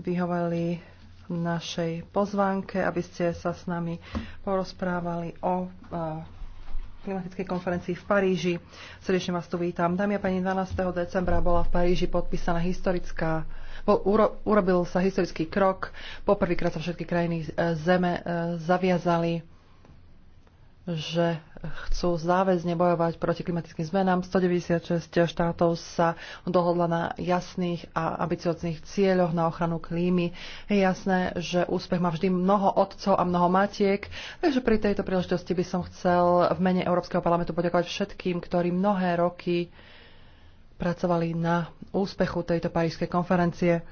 vyhovali našej pozvánke, aby ste sa s nami porozprávali o klimatickej konferencii v Paríži. Srdečne vás tu vítam. Dámy a pani, 12. decembra bola v Paríži podpísaná historická bol, uro, urobil sa historický krok. Poprvýkrát sa všetky krajiny e, zeme e, zaviazali, že chcú záväzne bojovať proti klimatickým zmenám. 196 štátov sa dohodla na jasných a ambicioznych cieľoch na ochranu klímy. Je jasné, že úspech má vždy mnoho otcov a mnoho matiek, takže pri tejto príležitosti by som chcel v mene Európskeho parlamentu poďakovať všetkým, ktorí mnohé roky pracovali na úspechu tejto parížskej konferencie.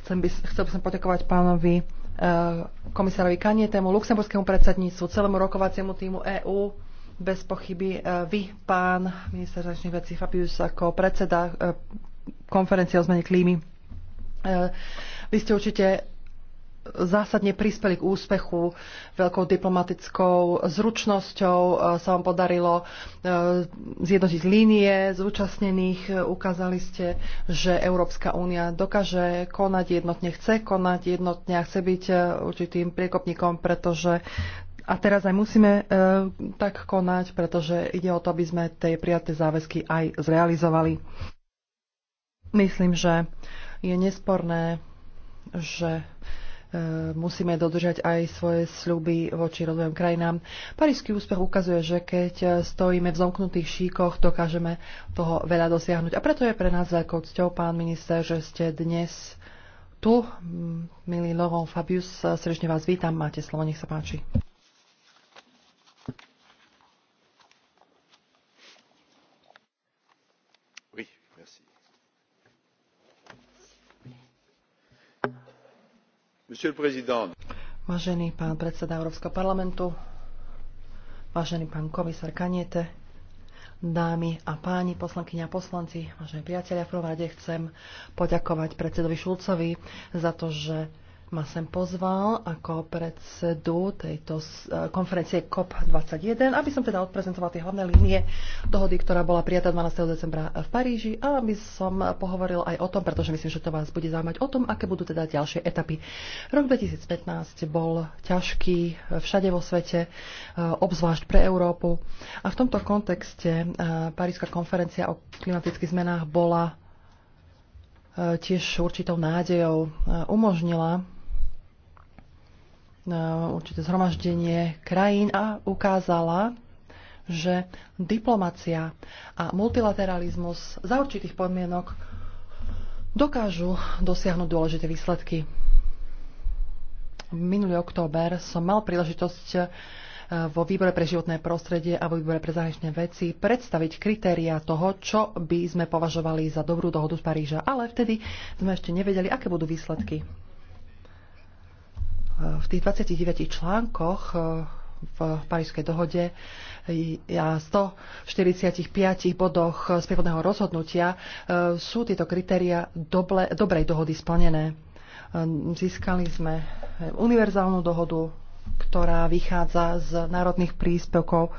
Chcem by, chcel by som poďakovať pánovi Eh, komisárovi Kanietemu, luxemburskému predsedníctvu, celému rokovaciemu týmu EÚ. Bez pochyby eh, vy, pán minister zahraničných vecí Fabius, ako predseda eh, konferencie o zmene klímy. Vy ste určite zásadne prispeli k úspechu veľkou diplomatickou zručnosťou. E, sa vám podarilo e, zjednotiť línie zúčastnených. E, ukázali ste, že Európska únia dokáže konať jednotne, chce konať jednotne a chce byť určitým priekopníkom, pretože a teraz aj musíme e, tak konať, pretože ide o to, aby sme tie prijaté záväzky aj zrealizovali. Myslím, že je nesporné, že Eh, musíme dodržať aj svoje sľuby voči rozvojom krajinám. Parížský úspech ukazuje, že keď stojíme v zomknutých šíkoch, dokážeme toho veľa dosiahnuť. A preto je pre nás veľkou cťou, pán minister, že ste dnes tu. Milý Laurent Fabius, srdečne vás vítam. Máte slovo, nech sa páči. Vážený pán predseda Európskeho parlamentu, vážený pán komisár Kaniete, dámy a páni, poslankyňa a poslanci, vážení priatelia, v prvom rade chcem poďakovať predsedovi Šulcovi za to, že ma sem pozval ako predsedu tejto e, konferencie COP21, aby som teda odprezentoval tie hlavné línie dohody, ktorá bola prijatá 12. decembra v Paríži a aby som pohovoril aj o tom, pretože myslím, že to vás bude zaujímať o tom, aké budú teda ďalšie etapy. Rok 2015 bol ťažký všade vo svete, e, obzvlášť pre Európu. A v tomto kontexte e, Parížská konferencia o klimatických zmenách bola tiež určitou nádejou umožnila určité zhromaždenie krajín a ukázala, že diplomacia a multilateralizmus za určitých podmienok dokážu dosiahnuť dôležité výsledky. Minulý október som mal príležitosť eh, vo výbore pre životné prostredie a vo výbore pre zahraničné veci predstaviť kritéria toho, čo by sme považovali za dobrú dohodu z Paríža. Ale vtedy sme ešte nevedeli, aké budú výsledky v tých 29 článkoch eh, v Parískej dohode a 145 bodoch z rozhodnutia eh, sú tieto kritéria dobrej dohody splnené. Eh, získali sme univerzálnu dohodu ktorá vychádza z národných príspevkov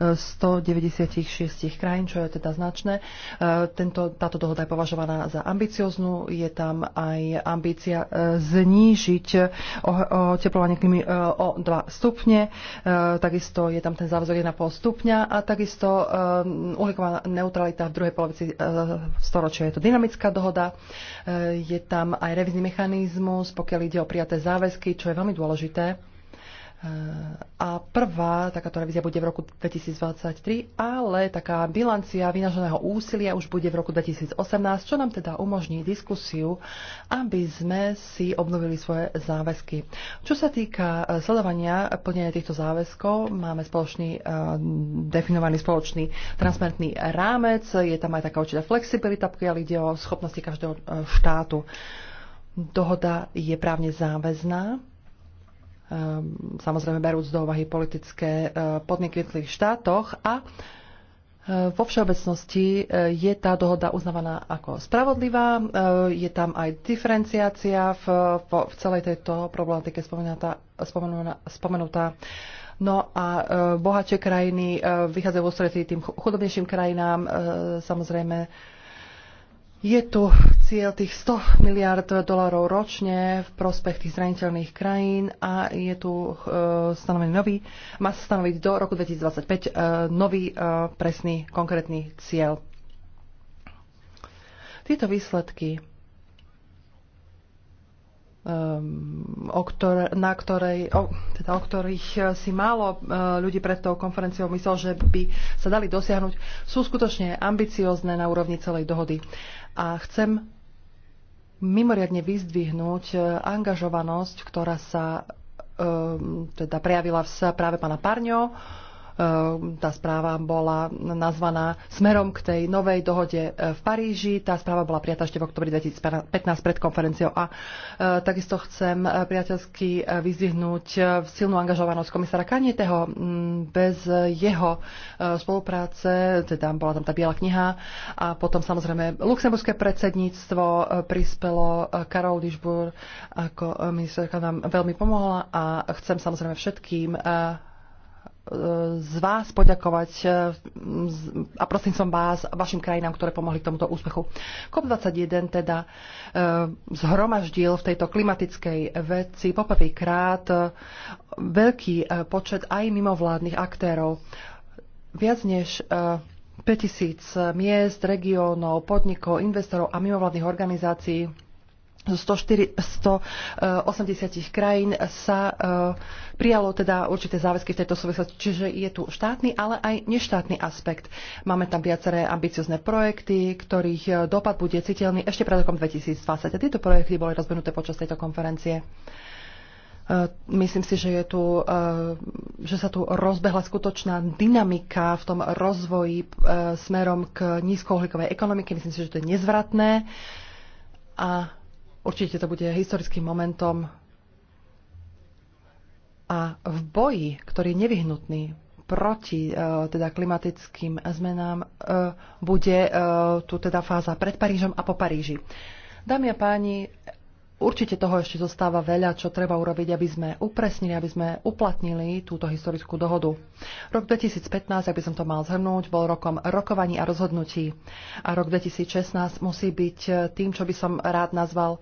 196 eh, krajín, čo je teda značné. Eh, tento, táto dohoda je považovaná za ambicioznú. Je tam aj ambícia eh, znížiť oteplovanie klímy o 2 stupne. Takisto je tam ten záväzok 1,5 stupňa a takisto uhlíková neutralita v druhej polovici storočia. Je to dynamická dohoda. Je tam aj revizný mechanizmus, pokiaľ ide o prijaté záväzky, čo je veľmi dôležité a prvá takáto revízia bude v roku 2023, ale taká bilancia vynaženého úsilia už bude v roku 2018, čo nám teda umožní diskusiu, aby sme si obnovili svoje záväzky. Čo sa týka e, sledovania plnenia týchto záväzkov, máme spoločný, e, definovaný spoločný transparentný rámec, je tam aj taká určitá flexibilita, pokiaľ ide o schopnosti každého e, štátu. Dohoda je právne záväzná Ehm, samozrejme berúc do úvahy politické eh, podniky v jednotlivých štátoch a eh, vo všeobecnosti eh, je tá dohoda uznávaná ako spravodlivá, je tam aj diferenciácia v, v, v celej tejto problematike spomenutá, spomenutá, spomenutá. No a bohatšie krajiny vychádzajú v ústretí tým chudobnejším krajinám. Samozrejme, je tu cieľ tých 100 miliard dolárov ročne v prospech tých zraniteľných krajín a je tu e, stanovený nový, má sa stanoviť do roku 2025 e, nový e, presný konkrétny cieľ. Tieto výsledky Ehm, o ktoré, na ktorej, o, teda o ktorých eh, si málo eh, ľudí pred tou konferenciou myslel, že by sa dali dosiahnuť, sú skutočne ambiciozne na úrovni celej dohody. A chcem mimoriadne vyzdvihnúť eh, angažovanosť, ktorá sa ehm, teda prejavila v práve pána Parňo, Ehm, tá správa bola nazvaná smerom k tej novej dohode e, v Paríži. Tá správa bola prijatá ešte v oktobri 2015 pred konferenciou a e, takisto chcem e, priateľsky vyzvihnúť silnú angažovanosť komisára Kanieteho. Bez jeho spolupráce, teda bola tam tá biela kniha a potom samozrejme luxemburské predsedníctvo prispelo Karol Lišbur ako ministerka nám veľmi pomohla a chcem samozrejme všetkým z vás poďakovať e, a prosím som vás, vašim krajinám, ktoré pomohli k tomuto úspechu. COP21 teda e, zhromaždil v tejto klimatickej veci poprvýkrát e, veľký počet aj mimovládnych aktérov. Viac než 5000 miest, regiónov, podnikov, investorov a mimovládnych organizácií zo 104, 180 krajín sa eh, prijalo teda určité záväzky v tejto súvislosti. Čiže je tu štátny, ale aj neštátny aspekt. Máme tam viaceré ambiciozne projekty, ktorých eh, dopad bude citeľný ešte pred rokom 2020. A tieto projekty boli rozvinuté počas tejto konferencie. Eh, myslím si, že, je tu, že sa tu rozbehla skutočná dynamika v tom rozvoji smerom k nízkouhlíkovej ekonomike. Myslím si, že to je nezvratné. A Určite to bude historickým momentom a v boji, ktorý je nevyhnutný proti e, teda klimatickým zmenám, e, bude e, tu teda fáza pred Parížom a po Paríži. Dámy a páni, Určite toho ešte zostáva veľa, čo treba urobiť, aby sme upresnili, aby sme uplatnili túto historickú dohodu. Rok 2015, ak by som to mal zhrnúť, bol rokom rokovaní a rozhodnutí. A rok 2016 musí byť tým, čo by som rád nazval e,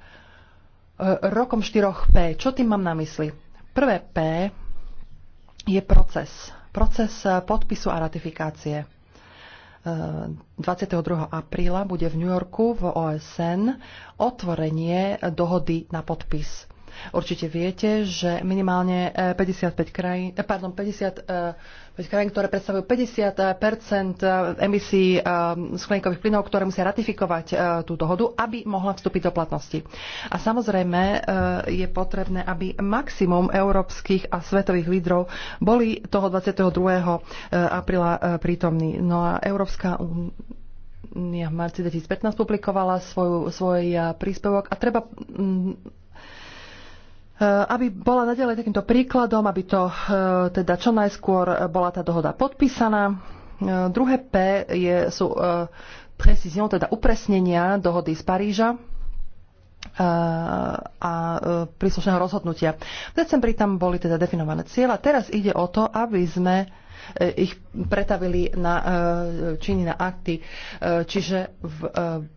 rokom 4P. Čo tým mám na mysli? Prvé P je proces. Proces podpisu a ratifikácie. 22. E, apríla bude v New Yorku v OSN otvorenie dohody na podpis Určite viete, že minimálne 55 eh, krajín, eh, pardon, 50 eh, krajín, ktoré predstavujú 50 emisí skleníkových plynov, ktoré musia ratifikovať tú dohodu, aby mohla vstúpiť do platnosti. A samozrejme je potrebné, aby maximum európskych a svetových lídrov boli toho 22. apríla prítomní. No a Európska únia v marci 2015 publikovala svoj, svoj príspevok a treba mm, Eh, aby bola nadalej takýmto príkladom, aby to eh, teda čo najskôr bola tá dohoda podpísaná. Eh, druhé P je, sú precizion, teda upresnenia dohody z Paríža a príslušného rozhodnutia. V decembri tam boli teda definované cieľa. Teraz ide o to, aby sme E, ich pretavili na e, činy, na akty. E, čiže v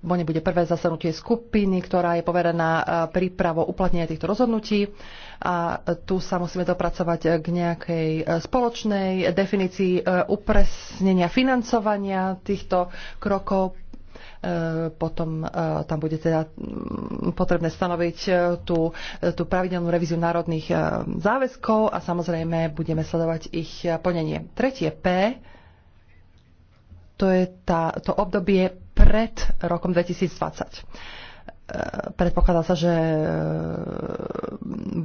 Bone bude prvé zasadnutie skupiny, ktorá je poverená prípravou uplatnenia týchto rozhodnutí a tu sa musíme dopracovať k nejakej spoločnej definícii upresnenia financovania týchto krokov E, potom e, tam bude teda mm, potrebné stanoviť e, tú, tú pravidelnú revíziu národných záväzkov a samozrejme budeme sledovať ich plnenie. Tretie P, to je tá, to obdobie pred rokom 2020 predpokladá sa, že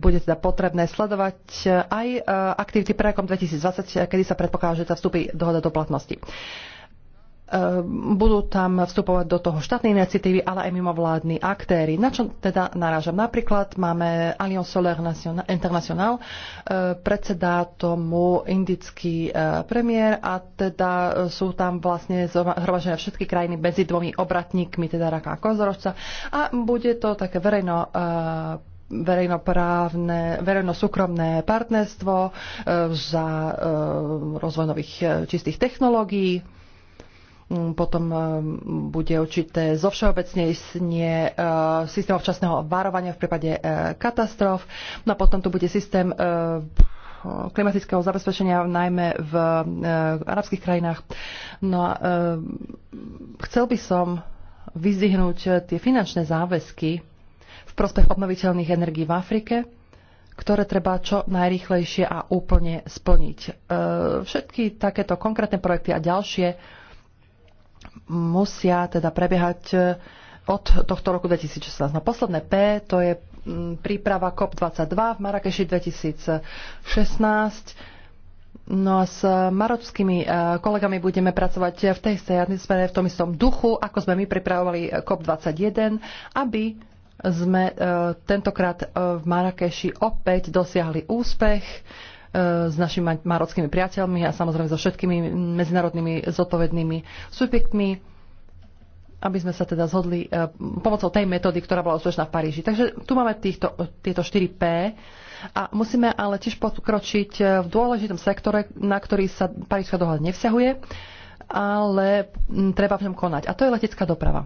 bude teda potrebné sledovať aj aktivity pre rokom 2020, kedy sa predpokladá, že tá vstúpi dohoda do platnosti. Ehm, budú tam vstupovať do toho štátne iniciatívy, ale aj mimovládni aktéry. Na čo teda narážam? Napríklad máme Alliance Solaire International, ehm, predseda tomu indický eh, premiér a teda eh, sú tam vlastne zhromažené všetky krajiny medzi dvomi obratníkmi, teda Raka a Kozorožca a bude to také verejno eh, verejnoprávne, verejno-súkromné partnerstvo za rozvoj nových čistých technológií Mm, potom eh, bude určité zo zovšeobecnenie eh, systém včasného varovania v prípade eh, katastrof. No a potom tu bude systém klimatického zabezpečenia, najmä v arabských krajinách. No a chcel by som vyzdihnúť tie finančné záväzky v prospech obnoviteľných energií v Afrike, ktoré treba čo najrýchlejšie a úplne splniť. všetky takéto konkrétne projekty a ďalšie musia teda prebiehať e, od tohto roku 2016. No posledné P, to je príprava COP22 v Marrakeši 2016. No a s marockými e, kolegami budeme pracovať v tej atmosfére, v tom istom duchu, ako sme my pripravovali e, COP21, aby sme tentokrát v Marrakeši opäť dosiahli úspech E, s našimi marockými priateľmi a samozrejme so všetkými medzinárodnými zodpovednými subjektmi, aby sme sa teda zhodli e, pomocou tej metódy, ktorá bola úspešná v Paríži. Takže tu máme týchto, tieto 4P a musíme ale tiež pokročiť e, v dôležitom sektore, na ktorý sa Parížská dohoda nevzťahuje, ale treba v ňom konať. A to je letecká doprava.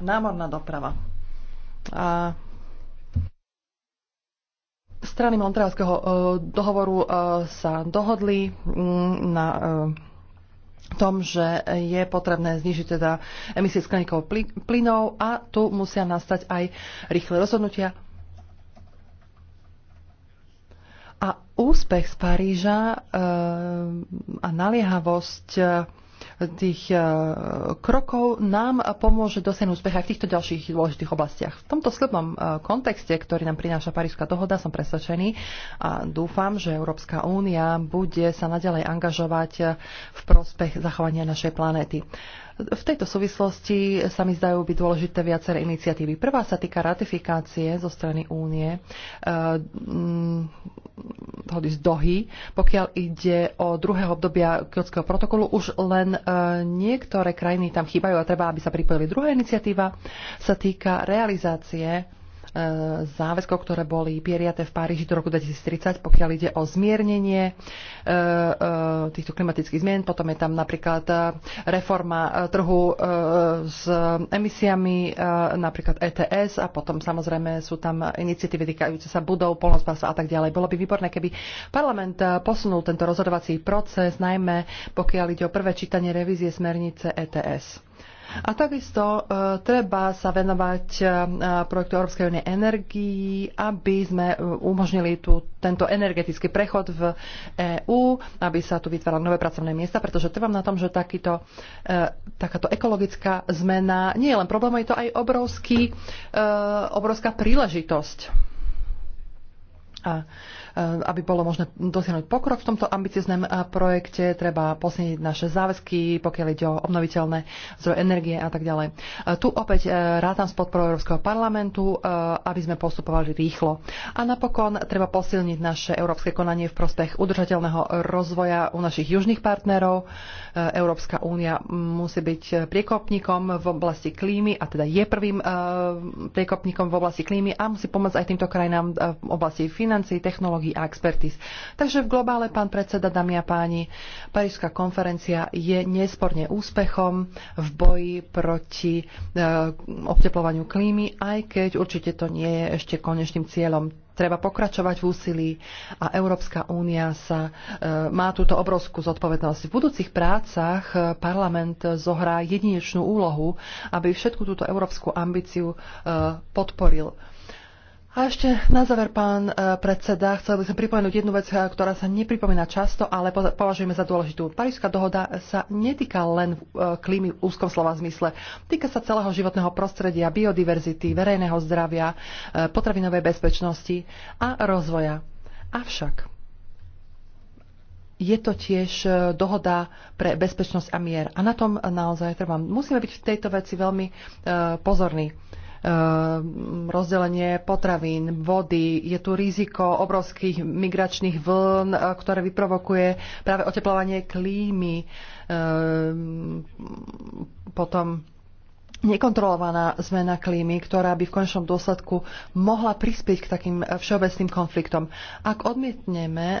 Námorná doprava. A Strany Montrealského e, dohovoru e, sa dohodli mm, na e, tom, že je potrebné znižiť teda emisie skleníkov plynov a tu musia nastať aj rýchle rozhodnutia. A úspech z Paríža a naliehavosť tých e, krokov nám pomôže dosiahnuť úspech aj v týchto ďalších dôležitých oblastiach. V tomto slednom e, kontexte, ktorý nám prináša Parížská dohoda, som presvedčený a dúfam, že Európska únia bude sa naďalej angažovať v prospech zachovania našej planéty. V tejto súvislosti sa mi zdajú byť dôležité viaceré iniciatívy. Prvá sa týka ratifikácie zo strany únie dohody eh, mm, z Dohy. Pokiaľ ide o druhého obdobia Kyotského protokolu, už len eh, niektoré krajiny tam chýbajú a treba, aby sa pripojili. Druhá iniciatíva sa týka realizácie záväzkov, ktoré boli prijaté v Paríži do roku 2030, pokiaľ ide o zmiernenie e, e, týchto klimatických zmien. Potom je tam napríklad e, reforma trhu s emisiami, napríklad ETS a potom samozrejme sú tam iniciatívy týkajúce sa budov, polnospodárstva a tak ďalej. Bolo by výborné, keby parlament posunul tento rozhodovací proces, najmä pokiaľ ide o prvé čítanie revízie smernice ETS. A takisto e, treba sa venovať e, projektu Európskej únie energií, aby sme e, umožnili tento energetický prechod v EÚ, aby sa tu vytvárali nové pracovné miesta, pretože trvám na tom, že takýto, takáto ekologická zmena nie je len problém, je to aj obrovský, obrovská príležitosť. A Eh, aby bolo možné dosiahnuť pokrok v tomto ambicioznom eh, projekte. Treba posilniť naše záväzky, pokiaľ ide o obnoviteľné zdroje energie a tak ďalej. Eh, tu opäť rátam s podporou Európskeho parlamentu, aby sme postupovali rýchlo. A napokon treba posilniť naše európske konanie v prospech udržateľného rozvoja u našich južných partnerov. Európska únia musí byť priekopníkom v oblasti klímy a teda je prvým priekopníkom v oblasti klímy a musí pomôcť aj týmto krajinám v oblasti financií, technológií technológií a expertíz. Takže v globále, pán predseda, dámy a páni, Parížská konferencia je nesporne úspechom v boji proti e, eh, obteplovaniu klímy, aj keď určite to nie je ešte konečným cieľom treba pokračovať v úsilí a Európska únia sa e, má túto obrovskú zodpovednosť. V budúcich prácach eh, parlament zohrá jedinečnú úlohu, aby všetku túto európsku ambíciu e, podporil. A ešte na záver, pán e, predseda, chcel by som pripomenúť jednu vec, e, ktorá sa nepripomína často, ale považujeme za dôležitú. Parížská dohoda sa netýka len e, klímy v úzkom slova zmysle. Týka sa celého životného prostredia, biodiverzity, verejného zdravia, potravinovej bezpečnosti a rozvoja. Avšak je to tiež dohoda pre bezpečnosť a mier. A na tom naozaj trvám. Musíme byť v tejto veci veľmi pozorní Ehm, rozdelenie potravín, vody. Je tu riziko obrovských migračných vln, eh, ktoré vyprovokuje práve oteplovanie klímy. Ehm, potom nekontrolovaná zmena klímy, ktorá by v končnom dôsledku mohla prispieť k takým eh, všeobecným konfliktom. Ak odmietneme e,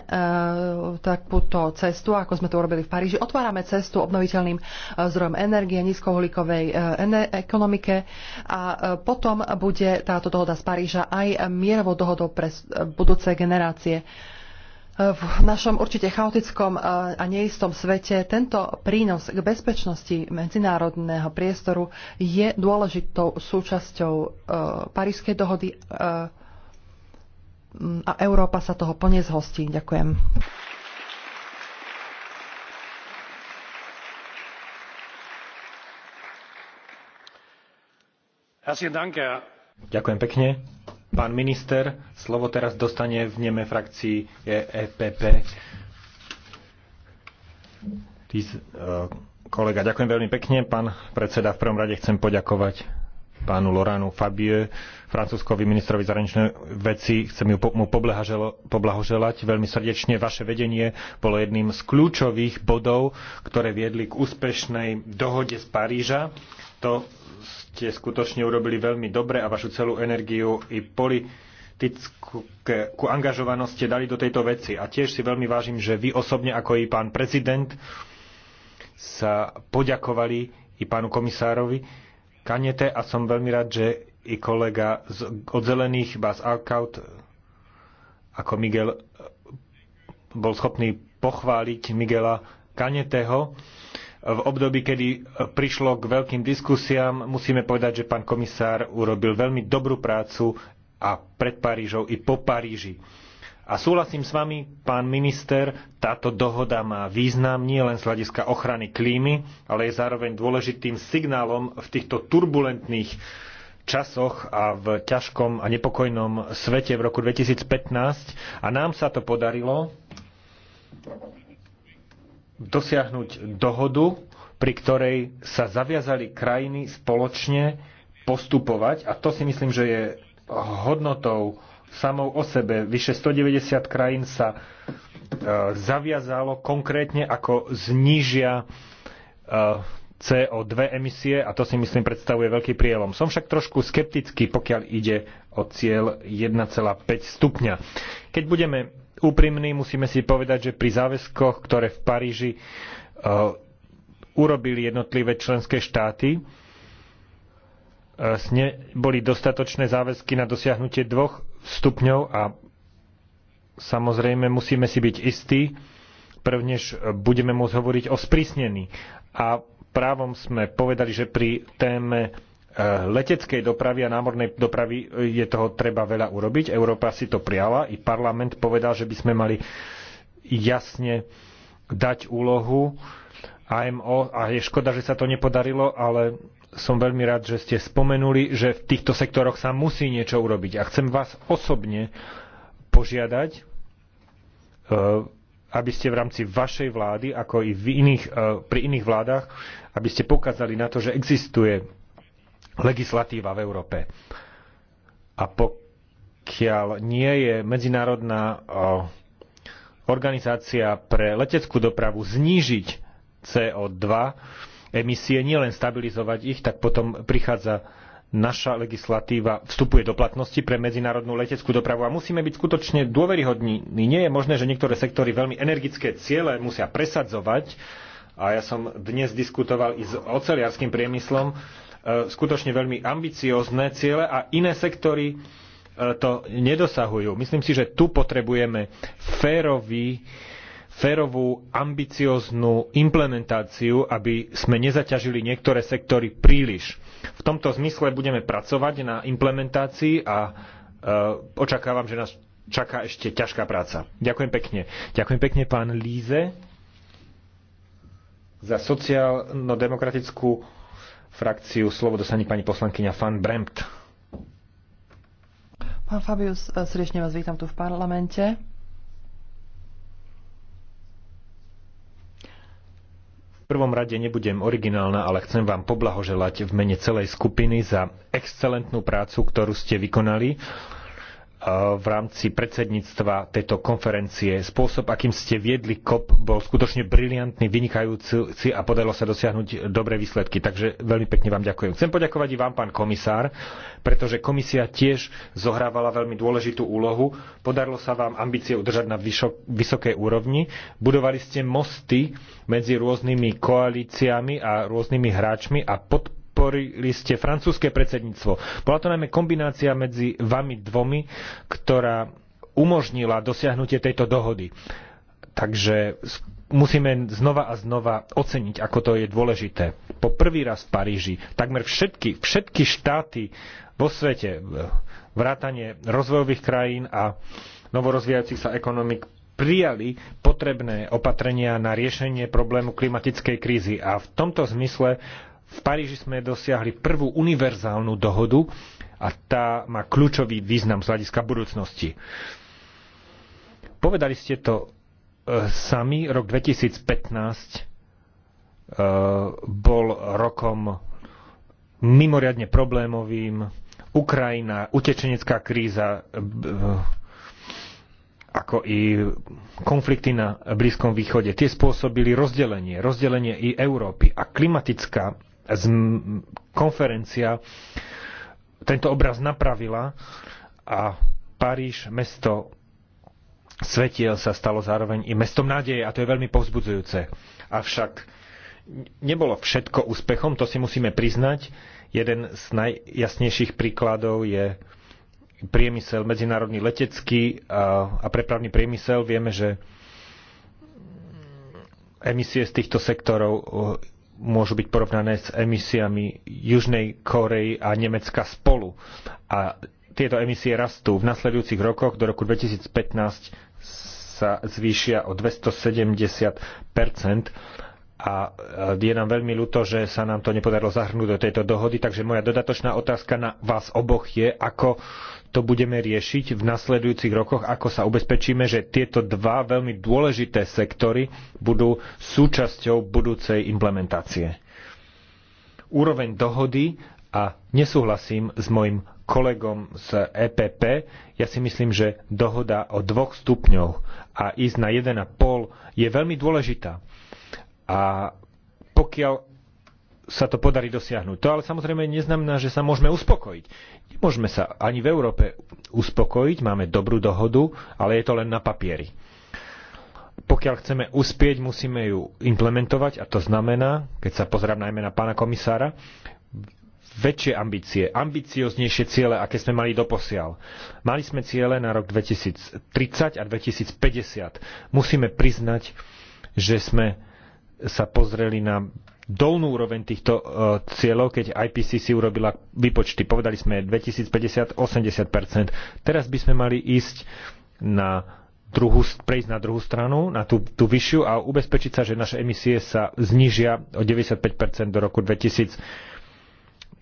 takúto cestu, ako sme to urobili v Paríži, otvárame cestu obnoviteľným eh, zdrojom energie, nízkoholikovej e, ekonomike a e, potom bude táto dohoda z Paríža aj mierovou dohodou pre budúce generácie. E, v našom určite chaotickom e, a neistom svete tento prínos k bezpečnosti medzinárodného priestoru je dôležitou súčasťou e, Parískej dohody e, a Európa sa toho plne zhostí. Ďakujem. Ďakujem pekne. Pán minister, slovo teraz dostane v neme frakcii EPP. E, kolega, ďakujem veľmi pekne. Pán predseda, v prvom rade chcem poďakovať pánu Loránu Fabie, francúzskovi ministrovi zahraničnej veci. Chcem ju, mu poblahoželať veľmi srdečne. Vaše vedenie bolo jedným z kľúčových bodov, ktoré viedli k úspešnej dohode z Paríža. To ste skutočne urobili veľmi dobre a vašu celú energiu i poli politickú ku angažovanosti ste dali do tejto veci. A tiež si veľmi vážim, že vy osobne, ako i pán prezident, sa poďakovali i pánu komisárovi Kanete a som veľmi rád, že i kolega z, od zelených Bas Alkaut ako Miguel bol schopný pochváliť Miguela Kaneteho. V období, kedy prišlo k veľkým diskusiám, musíme povedať, že pán komisár urobil veľmi dobrú prácu a pred Parížou i po Paríži. A súhlasím s vami, pán minister, táto dohoda má význam nie len z hľadiska ochrany klímy, ale je zároveň dôležitým signálom v týchto turbulentných časoch a v ťažkom a nepokojnom svete v roku 2015. A nám sa to podarilo dosiahnuť dohodu, pri ktorej sa zaviazali krajiny spoločne postupovať. A to si myslím, že je hodnotou samou o sebe. Vyše 190 krajín sa e, zaviazalo konkrétne, ako znížia e, CO2 emisie a to si myslím predstavuje veľký prielom. Som však trošku skeptický, pokiaľ ide o cieľ 1,5 stupňa. Keď budeme úprimní, musíme si povedať, že pri záväzkoch, ktoré v Paríži e, urobili jednotlivé členské štáty, boli dostatočné záväzky na dosiahnutie dvoch stupňov a samozrejme musíme si byť istí, prvnež budeme môcť hovoriť o sprísnení. A právom sme povedali, že pri téme e, leteckej dopravy a námornej dopravy e, je toho treba veľa urobiť. Európa si to priala, i parlament povedal, že by sme mali jasne dať úlohu AMO a je škoda, že sa to nepodarilo, ale som veľmi rád, že ste spomenuli, že v týchto sektoroch sa musí niečo urobiť. A chcem vás osobne požiadať, e, aby ste v rámci vašej vlády, ako i v iných, e, pri iných vládach, aby ste pokázali na to, že existuje legislatíva v Európe. A pokiaľ nie je medzinárodná e, organizácia pre leteckú dopravu znížiť CO2, emisie, nielen stabilizovať ich, tak potom prichádza naša legislatíva vstupuje do platnosti pre medzinárodnú leteckú dopravu a musíme byť skutočne dôveryhodní. Nie je možné, že niektoré sektory veľmi energické ciele musia presadzovať a ja som dnes diskutoval i s oceliarským priemyslom, e, skutočne veľmi ambiciózne ciele a iné sektory e, to nedosahujú. Myslím si, že tu potrebujeme férový férovú, ambicióznu implementáciu, aby sme nezaťažili niektoré sektory príliš. V tomto zmysle budeme pracovať na implementácii a e, očakávam, že nás čaká ešte ťažká práca. Ďakujem pekne. Ďakujem pekne pán Líze za sociálno-demokratickú frakciu. Slovo dostane pani poslankyňa Fan Bremt. Pán Fabius, e, srdečne vás vítam tu v parlamente. V prvom rade nebudem originálna, ale chcem vám poblahoželať v mene celej skupiny za excelentnú prácu, ktorú ste vykonali v rámci predsedníctva tejto konferencie. Spôsob, akým ste viedli COP, bol skutočne briliantný, vynikajúci a podarilo sa dosiahnuť dobré výsledky. Takže veľmi pekne vám ďakujem. Chcem poďakovať i vám, pán komisár, pretože komisia tiež zohrávala veľmi dôležitú úlohu. Podarilo sa vám ambície udržať na vysokej úrovni. Budovali ste mosty medzi rôznymi koalíciami a rôznymi hráčmi a podporovali podporili ste francúzske predsedníctvo. Bola to najmä kombinácia medzi vami dvomi, ktorá umožnila dosiahnutie tejto dohody. Takže musíme znova a znova oceniť, ako to je dôležité. Po prvý raz v Paríži takmer všetky, všetky štáty vo svete, vrátanie rozvojových krajín a novorozvíjajúcich sa ekonomik prijali potrebné opatrenia na riešenie problému klimatickej krízy. A v tomto zmysle v Paríži sme dosiahli prvú univerzálnu dohodu a tá má kľúčový význam z hľadiska budúcnosti. Povedali ste to e, sami, rok 2015 e, bol rokom mimoriadne problémovým. Ukrajina, utečenecká kríza, e, ako i konflikty na Blízkom východe. Tie spôsobili rozdelenie, rozdelenie i Európy. A klimatická konferencia tento obraz napravila a Paríž, mesto svetiel, sa stalo zároveň i mestom nádeje a to je veľmi povzbudzujúce. Avšak nebolo všetko úspechom, to si musíme priznať. Jeden z najjasnejších príkladov je priemysel, medzinárodný letecký a prepravný priemysel. Vieme, že emisie z týchto sektorov môžu byť porovnané s emisiami Južnej Korei a Nemecka spolu. A tieto emisie rastú. V nasledujúcich rokoch do roku 2015 sa zvýšia o 270 a je nám veľmi ľúto, že sa nám to nepodarilo zahrnúť do tejto dohody, takže moja dodatočná otázka na vás oboch je, ako to budeme riešiť v nasledujúcich rokoch, ako sa ubezpečíme, že tieto dva veľmi dôležité sektory budú súčasťou budúcej implementácie. Úroveň dohody a nesúhlasím s mojim kolegom z EPP, ja si myslím, že dohoda o dvoch stupňoch a ísť na 1,5 je veľmi dôležitá. A pokiaľ sa to podarí dosiahnuť. To ale samozrejme neznamená, že sa môžeme uspokojiť. Nemôžeme sa ani v Európe uspokojiť, máme dobrú dohodu, ale je to len na papieri. Pokiaľ chceme uspieť, musíme ju implementovať a to znamená, keď sa pozerám najmä na pána komisára, väčšie ambície, ambicioznejšie ciele, aké sme mali doposiaľ. Mali sme ciele na rok 2030 a 2050. Musíme priznať, že sme sa pozreli na dolnú úroveň týchto uh, cieľov, keď IPCC urobila výpočty. Povedali sme 2050 80%. Teraz by sme mali ísť na druhú, prejsť na druhú stranu, na tú, tú vyššiu a ubezpečiť sa, že naše emisie sa znížia o 95% do roku 2050.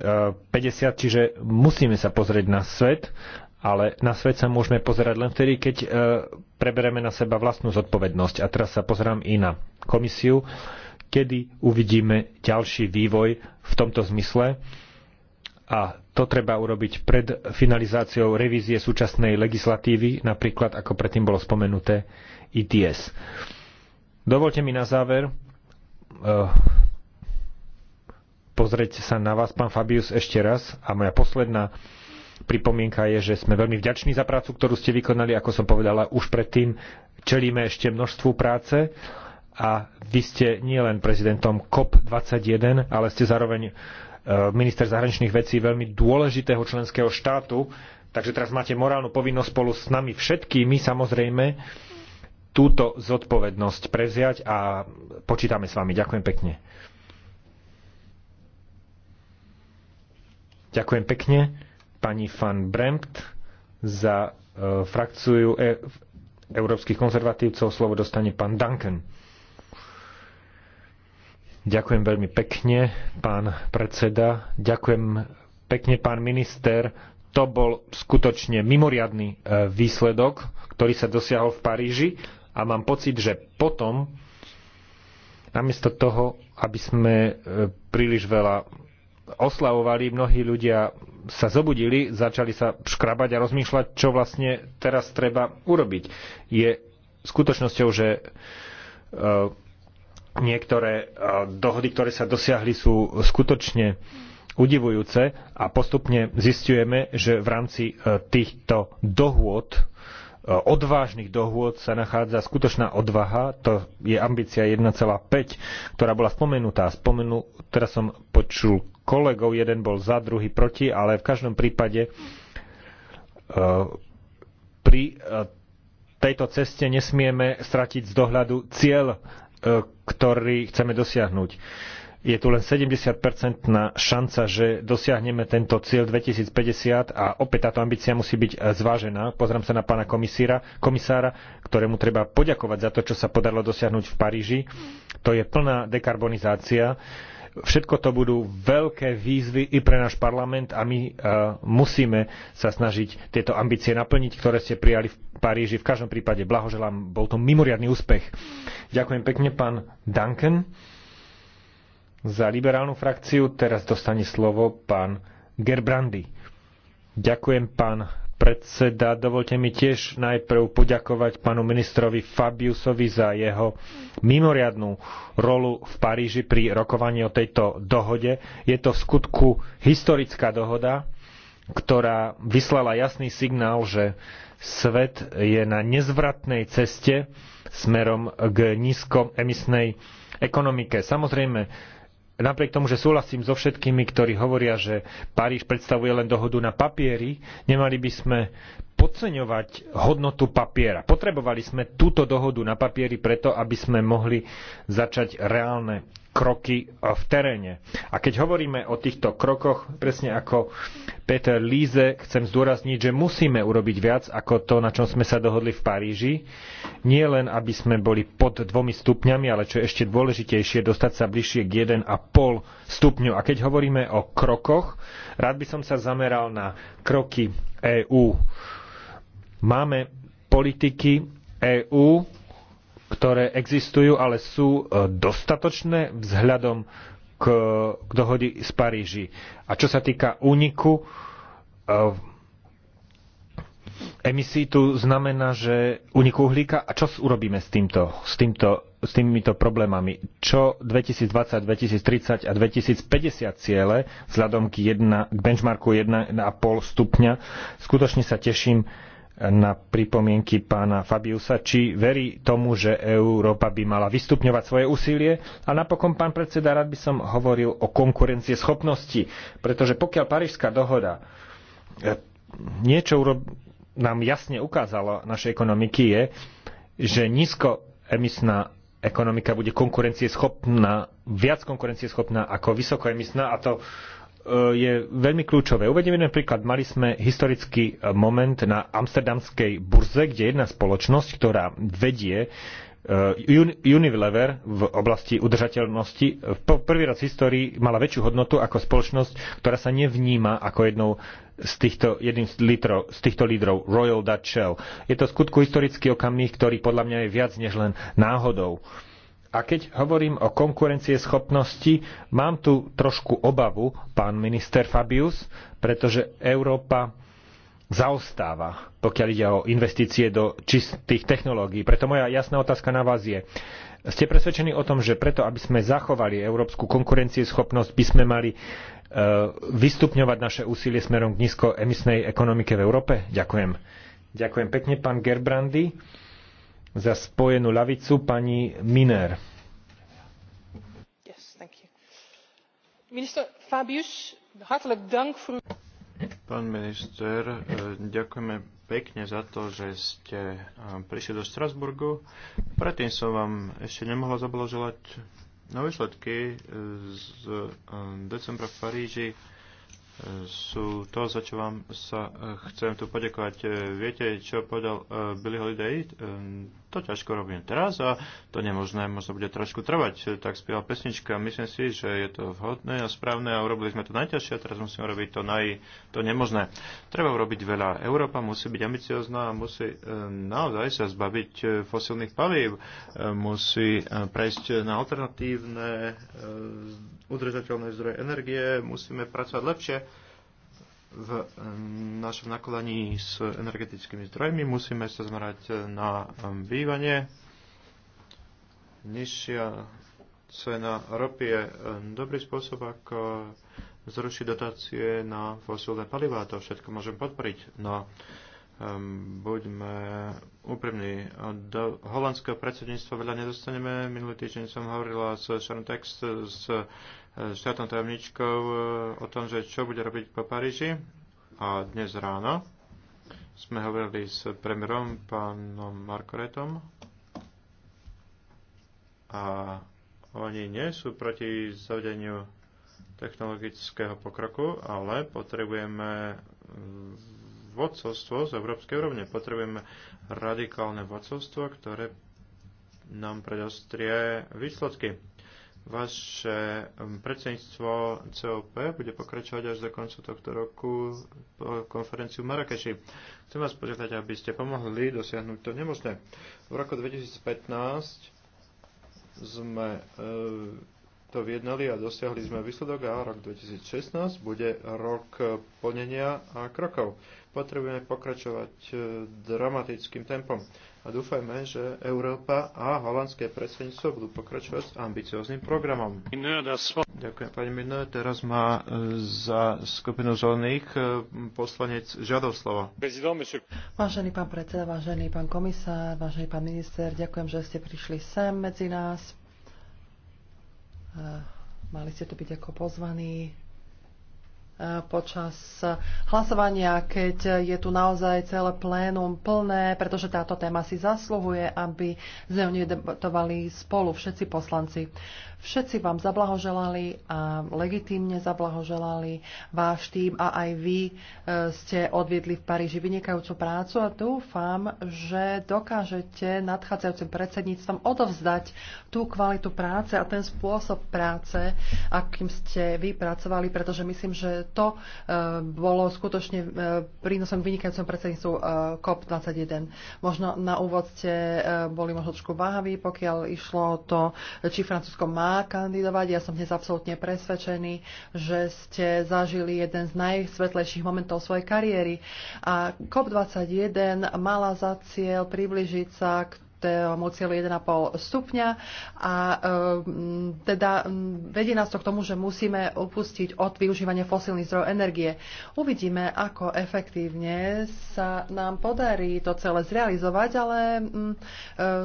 E, čiže musíme sa pozrieť na svet, ale na svet sa môžeme pozerať len vtedy, keď e, prebereme na seba vlastnú zodpovednosť. A teraz sa pozerám i na komisiu kedy uvidíme ďalší vývoj v tomto zmysle a to treba urobiť pred finalizáciou revízie súčasnej legislatívy, napríklad ako predtým bolo spomenuté ITS. E Dovolte mi na záver eh, pozrieť sa na vás, pán Fabius, ešte raz a moja posledná pripomienka je, že sme veľmi vďační za prácu, ktorú ste vykonali, ako som povedala už predtým, čelíme ešte množstvu práce a vy ste nielen prezidentom COP21, ale ste zároveň e, minister zahraničných vecí veľmi dôležitého členského štátu, takže teraz máte morálnu povinnosť spolu s nami všetkými samozrejme túto zodpovednosť prevziať a počítame s vami. Ďakujem pekne. Ďakujem pekne pani van Brempt za e, frakciu e- európskych konzervatívcov. Slovo dostane pán Duncan. Ďakujem veľmi pekne, pán predseda. Ďakujem pekne, pán minister. To bol skutočne mimoriadný e, výsledok, ktorý sa dosiahol v Paríži a mám pocit, že potom, namiesto toho, aby sme e, príliš veľa oslavovali, mnohí ľudia sa zobudili, začali sa škrabať a rozmýšľať, čo vlastne teraz treba urobiť. Je skutočnosťou, že e, niektoré e, dohody, ktoré sa dosiahli, sú skutočne udivujúce a postupne zistujeme, že v rámci e, týchto dohôd, e, odvážnych dohôd sa nachádza skutočná odvaha, to je ambícia 1,5, ktorá bola spomenutá. Spomenu, teraz som počul kolegov, jeden bol za, druhý proti, ale v každom prípade pri tejto ceste nesmieme stratiť z dohľadu cieľ, ktorý chceme dosiahnuť. Je tu len 70-percentná šanca, že dosiahneme tento cieľ 2050 a opäť táto ambícia musí byť zvážená. Pozrám sa na pána komisíra, komisára, ktorému treba poďakovať za to, čo sa podarilo dosiahnuť v Paríži. To je plná dekarbonizácia Všetko to budú veľké výzvy i pre náš parlament a my e, musíme sa snažiť tieto ambície naplniť, ktoré ste prijali v Paríži. V každom prípade blahoželám, bol to mimoriadný úspech. Ďakujem pekne, pán Duncan. Za liberálnu frakciu teraz dostane slovo pán Gerbrandy. Ďakujem, pán predseda, dovolte mi tiež najprv poďakovať pánu ministrovi Fabiusovi za jeho mimoriadnú rolu v Paríži pri rokovaní o tejto dohode. Je to v skutku historická dohoda, ktorá vyslala jasný signál, že svet je na nezvratnej ceste smerom k nízkoemisnej ekonomike. Samozrejme, napriek tomu, že súhlasím so všetkými, ktorí hovoria, že Paríž predstavuje len dohodu na papieri, nemali by sme podceňovať hodnotu papiera. Potrebovali sme túto dohodu na papieri preto, aby sme mohli začať reálne kroky e, v teréne. A keď hovoríme o týchto krokoch, presne ako Peter Líze, chcem zdôrazniť, že musíme urobiť viac ako to, na čom sme sa dohodli v Paríži. Nie len, aby sme boli pod dvomi stupňami, ale čo je ešte dôležitejšie, dostať sa bližšie k 1,5 stupňu. A keď hovoríme o krokoch, rád by som sa zameral na kroky EÚ. Máme politiky EÚ, ktoré existujú, ale sú e, dostatočné vzhľadom k, k dohody z Paríži. A čo sa týka úniku, e, emisí tu znamená, že úniku uhlíka a čo urobíme s, týmto, s, týmto, s týmito problémami? Čo 2020, 2030 a 2050 ciele vzhľadom k, jedna, k benchmarku 1,5 stupňa? Skutočne sa teším, na pripomienky pána Fabiusa, či verí tomu, že Európa by mala vystupňovať svoje úsilie. A napokon, pán predseda, rád by som hovoril o konkurencie schopnosti, pretože pokiaľ Parížská dohoda e, niečo nám jasne ukázala našej ekonomiky je, že nízkoemisná ekonomika bude konkurencieschopná, viac konkurencieschopná ako vysokoemisná a to E, je veľmi kľúčové. Uvediem jeden príklad. Mali sme historický e, moment na amsterdamskej burze, kde jedna spoločnosť, ktorá vedie e, Unilever v oblasti udržateľnosti v prvý raz v histórii mala väčšiu hodnotu ako spoločnosť, ktorá sa nevníma ako jednou z týchto, jedným z, litro, z týchto lídrov Royal Dutch Shell. Je to skutku historický okamih, ktorý podľa mňa je viac než len náhodou. Uh, a keď hovorím o konkurencieschopnosti, mám tu trošku obavu, pán minister Fabius, pretože Európa zaostáva, pokiaľ ide o investície do čistých technológií. Preto moja jasná otázka na vás je, ste presvedčení o tom, že preto, aby sme zachovali európsku konkurencieschopnosť, by sme mali e, vystupňovať naše úsilie smerom k nízkoemisnej ekonomike v Európe? Ďakujem. Ďakujem pekne, pán Gerbrandy za spojenú ľavicu pani Miner. Minister Fabius, Pán minister, eh, ďakujeme pekne za to, že ste eh, prišli do Strasburgu. Predtým som vám ešte nemohla zablaželať na výsledky eh, z decembra v Paríži sú to, za čo vám sa chcem tu podekovať. Viete, čo povedal Billy Holiday? to ťažko robím teraz a to nemožné, možno bude trošku trvať. E, tak spieva pesnička, myslím si, že je to vhodné a správne a urobili sme to najťažšie a teraz musíme robiť to, naj, to nemožné. Treba urobiť veľa. Európa musí byť ambiciozná a musí e, naozaj sa zbaviť e, fosilných palív. Musí prejsť na alternatívne udržateľné zdroje energie, musíme pracovať lepšie v našom nakladaní s energetickými zdrojmi. Musíme sa zmerať eh, na bývanie. Nižšia cena ropy je dobrý spôsob, ako eh, zrušiť dotácie na fosilné palivá. To všetko môžem podporiť. No, buďme úprimní. Do holandského predsedníctva veľa nedostaneme. Minulý týždeň som hovorila s Sharon Text z štátnou tajomničkou e, o tom, že čo bude robiť po Paríži. A dnes ráno sme hovorili s premiérom pánom Markoretom a oni nie sú proti zavedeniu technologického pokroku, ale potrebujeme vodcovstvo z európskej úrovne. Potrebujeme radikálne vodcovstvo, ktoré nám predostrie výsledky. Vaše um, predsedníctvo COP bude pokračovať až do konca tohto roku po konferenciu v Marrakeši. Chcem vás požiadať, aby ste pomohli dosiahnuť to nemožné. V roku 2015 sme eh, to vyjednali a dosiahli sme výsledok a rok 2016 bude rok plnenia a krokov. Potrebujeme pokračovať eh, dramatickým tempom a dúfajme, že Európa a holandské predsedníctvo budú pokračovať s ambiciozným programom. Ďakujem pani minna. Teraz má e, za skupinu zelených e, poslanec žiadov slova. Vážený pán predseda, vážený pán komisár, vážený pán minister, ďakujem, že ste prišli sem medzi nás. E, mali ste tu byť ako pozvaní počas hlasovania, keď je tu naozaj celé plénum plné, pretože táto téma si zasluhuje, aby sme o nej debatovali spolu všetci poslanci. Všetci vám zablahoželali a legitímne zablahoželali. Váš tým a aj vy e, ste odviedli v Paríži vynikajúcu prácu a dúfam, že dokážete nadchádzajúcim predsedníctvom odovzdať tú kvalitu práce a ten spôsob práce, akým ste vy pracovali, pretože myslím, že to e, bolo skutočne e, prínosom vynikajúcom predsedníctvu e, COP21. Možno na úvod ste boli možno trošku váhaví, pokiaľ išlo to, či Francúzsko má kandidovať. Ja som dnes absolútne presvedčený, že ste zažili jeden z najsvetlejších momentov svojej kariéry. A COP21 mala za cieľ približiť sa k o cieľu 1,5 stupňa a ehm, teda vedie nás to k tomu, že musíme upustiť od využívania fosílnych zdrojov energie. Uvidíme, ako efektívne sa nám podarí to celé zrealizovať, ale e,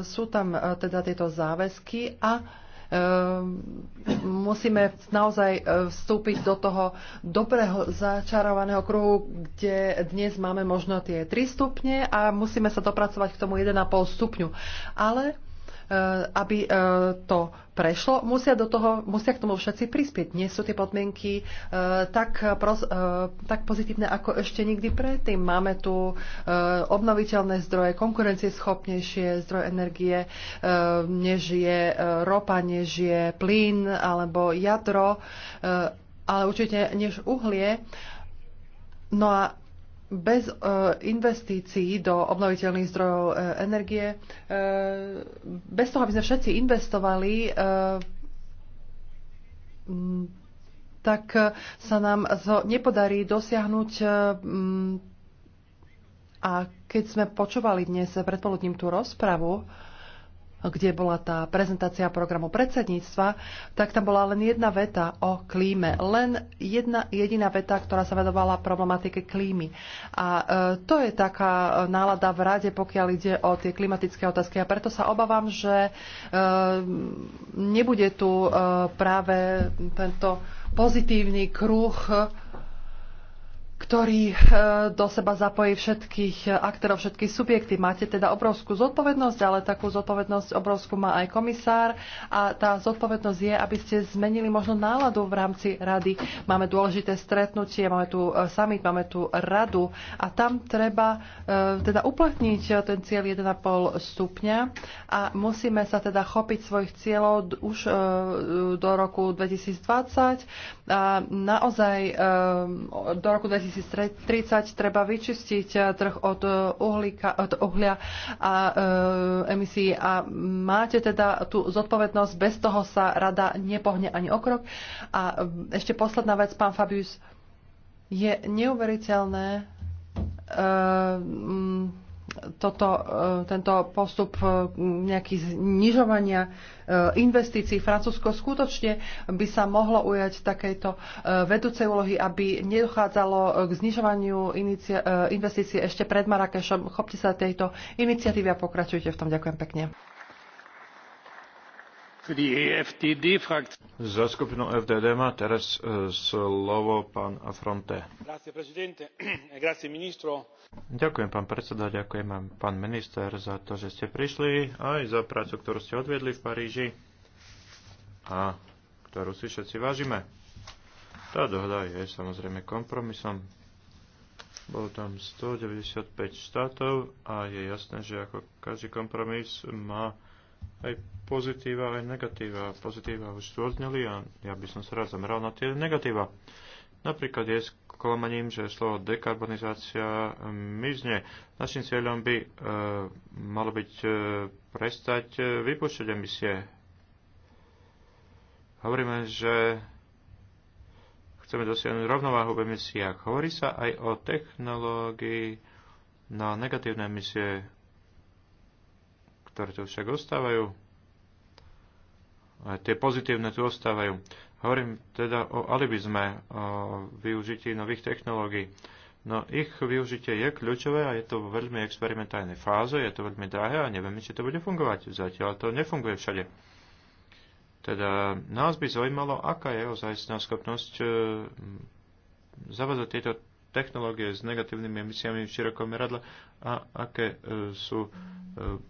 sú tam e, teda tieto záväzky a Ehm, musíme naozaj e, vstúpiť do toho dobrého začarovaného kruhu, kde dnes máme možno tie 3 stupne a musíme sa dopracovať k tomu 1,5 stupňu. Ale Eh, aby eh, to prešlo, musia, do toho, musia k tomu všetci prispieť. Nie sú tie podmienky eh, tak, pros, tak pozitívne ako ešte nikdy predtým. Máme tu obnoviteľné zdroje, konkurencieschopnejšie zdroje energie, než je ropa, než je plyn alebo jadro, ale určite než uhlie. No a bez e, investícií do obnoviteľných zdrojov e, energie, e, bez toho, aby sme všetci investovali, tak sa nám nepodarí dosiahnuť a keď sme počúvali dnes predpoludním tú rozpravu, kde bola tá prezentácia programu predsedníctva, tak tam bola len jedna veta o klíme. Len jedna jediná veta, ktorá sa vedovala problematike klímy. A e, to je taká e, nálada v rade, pokiaľ ide o tie klimatické otázky. A preto sa obávam, že e, nebude tu e, práve tento pozitívny kruh ktorý e, do seba zapojí všetkých aktérov, všetky subjekty. Máte teda obrovskú zodpovednosť, ale takú zodpovednosť obrovskú má aj komisár a tá zodpovednosť je, aby ste zmenili možno náladu v rámci rady. Máme dôležité stretnutie, máme tu e, summit, máme tu radu a tam treba e, teda uplatniť ten cieľ 1,5 stupňa a musíme sa teda chopiť svojich cieľov už do roku 2020 a naozaj do roku 2020 2030 treba vyčistiť eh, trh od, eh, uhlíka, od uhlia a e, emisí. A máte teda tú zodpovednosť, bez toho sa rada nepohne ani okrok. A mm, ešte posledná vec, pán Fabius, je neuveriteľné, e, toto, e, tento postup e, nejaký znižovania e, investícií. Francúzsko skutočne by sa mohlo ujať takejto vedúcej úlohy, aby nedochádzalo k znižovaniu investícií ešte pred Marakešom. Chopte sa tejto iniciatívy a pokračujte v tom. Ďakujem pekne. E za skupinu FDD má teraz e, slovo pán Afronte. E ďakujem, pán predseda, ďakujem vám, pán minister, za to, že ste prišli, aj za prácu, ktorú ste odviedli v Paríži a ktorú si všetci vážime. Tá dohoda je samozrejme kompromisom. Bolo tam 195 štátov a je jasné, že ako každý kompromis má aj pozitíva, aj negatíva. Pozitíva už zdôraznili a ja by som sa rád zameral na tie negatíva. Napríklad je sklamaním, že slovo dekarbonizácia e, mizne. Našim cieľom by e, malo byť e, prestať e, vypúšťať emisie. Hovoríme, že chceme dosiahnuť rovnováhu v emisiách. Hovorí sa aj o technológii na negatívne emisie ktoré tu však ostávajú, tie pozitívne tu ostávajú. Hovorím teda o alibizme, o využití nových technológií. No ich využitie je kľúčové a je to vo veľmi experimentálnej fáze, je to veľmi drahé a nevieme, či to bude fungovať. Zatiaľ to nefunguje všade. Teda nás by zaujímalo, aká je ozajstná schopnosť e, zavazať tieto technológie s negatívnymi emisiami v širokom meradle a aké e, sú e,